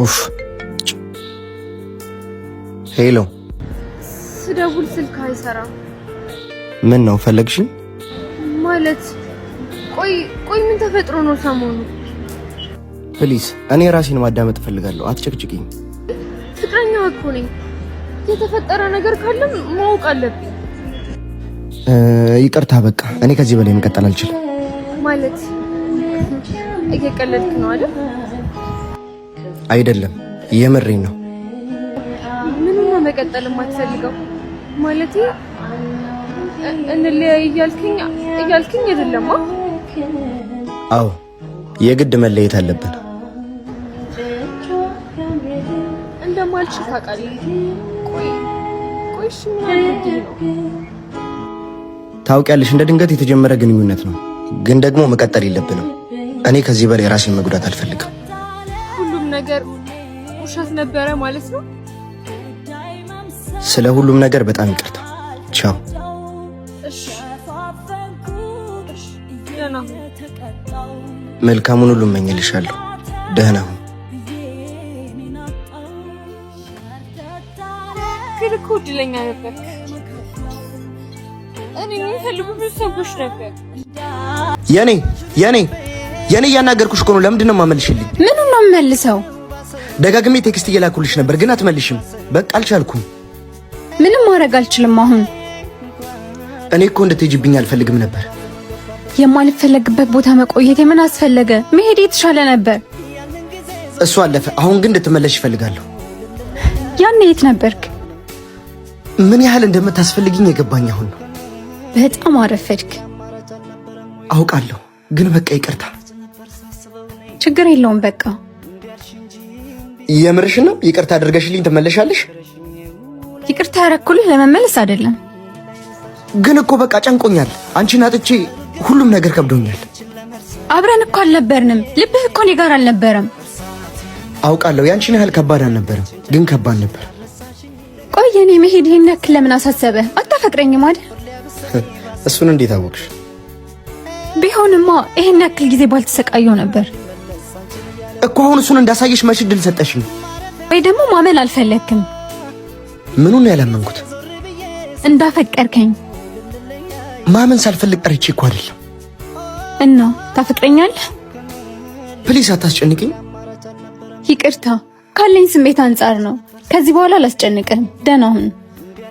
ኡፍ ሄሎ፣ ስደውል ስልክ አይሰራም። ምን ነው ፈለግሽ ማለት ቆይ ቆይ፣ ምን ተፈጥሮ ነው ሰሞኑ? ፕሊስ እኔ ራሴን ማዳመጥ እፈልጋለሁ። አትጨቅጭቅኝ። ፍቅረኛ እኮ ነኝ። የተፈጠረ ነገር ካለም ማወቅ አለብኝ። ይቅርታ፣ በቃ እኔ ከዚህ በላይ መቀጠል አልችልም። ማለት እየቀለድክ ነው አይደል? አይደለም፣ የምሬን ነው። ምንም ነው መቀጠል የማትፈልገው? ማለት እንለያይ እያልክኝ እያልክኝ አይደለማ? አዎ የግድ መለየት አለብን። እንደማልችል ታውቃለህ። ቆይ ታውቂያለሽ፣ እንደ ድንገት የተጀመረ ግንኙነት ነው፣ ግን ደግሞ መቀጠል የለብንም። እኔ ከዚህ በላይ ራሴን መጉዳት አልፈልግም። ነገር ውሸት ነበረ ማለት ነው። ስለ ሁሉም ነገር በጣም ይቅርታ። ቻው። መልካሙን ሁሉ እመኝልሻለሁ። ደህና ሁን። ክልኩ ድለኛ ነበር። እኔ የሚፈልጉ ብዙ ሰዎች ነበር። የኔ የኔ የኔ እያናገርኩሽ እኮ ነው። ለምንድን ነው የማመልሽልኝ? ምን ነው የምመልሰው? ደጋግሜ ቴክስት እየላኩልሽ ነበር ግን አትመልሽም። በቃ አልቻልኩም። ምንም ማድረግ አልችልም። አሁን እኔ እኮ እንድትሄጂብኝ አልፈልግም ነበር። የማልፈለግበት ቦታ መቆየት የምን አስፈለገ? መሄድ የተሻለ ነበር። እሱ አለፈ። አሁን ግን እንድትመለሽ ይፈልጋለሁ። ያን የት ነበርክ? ምን ያህል እንደምታስፈልግኝ የገባኝ አሁን ነው። በጣም አረፈድክ አውቃለሁ፣ ግን በቃ ይቅርታ ችግር የለውም በቃ የምርሽ ነው። ይቅርታ አድርገሽልኝ ትመለሻለሽ። ይቅርታ ያረኩልህ ለመመለስ አይደለም። ግን እኮ በቃ ጨንቆኛል። አንቺን አጥቼ ሁሉም ነገር ከብዶኛል። አብረን እኮ አልነበርንም። ልብህ እኮ እኔ ጋር አልነበረም። አውቃለሁ። ያንቺን ያህል ከባድ አልነበረም፣ ግን ከባድ ነበር። ቆይ መሄድ ይህን ያክል ለምን አሳሰበ? አታፈቅረኝም አይደል? እሱን እንዴት አወቅሽ? ቢሆንማ ይህን ያክል ጊዜ ባልተሰቃየው ነበር። እኮ አሁን እሱን እንዳሳየሽ መች እድል ሰጠሽኝ? ወይ ደግሞ ማመን አልፈለግክም። ምኑን ያላመንኩት? እንዳፈቀርከኝ ማመን ሳልፈልግ ቀርቼ እኮ አይደለም። እና ታፈቅረኛለህ? ፕሊስ አታስጨንቅኝ። ይቅርታ ካለኝ ስሜት አንጻር ነው። ከዚህ በኋላ አላስጨንቅህም። ደህና ሁን።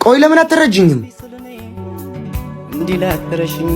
ቆይ ለምን አትረጅኝም? እንዲህ ላትረሽኝ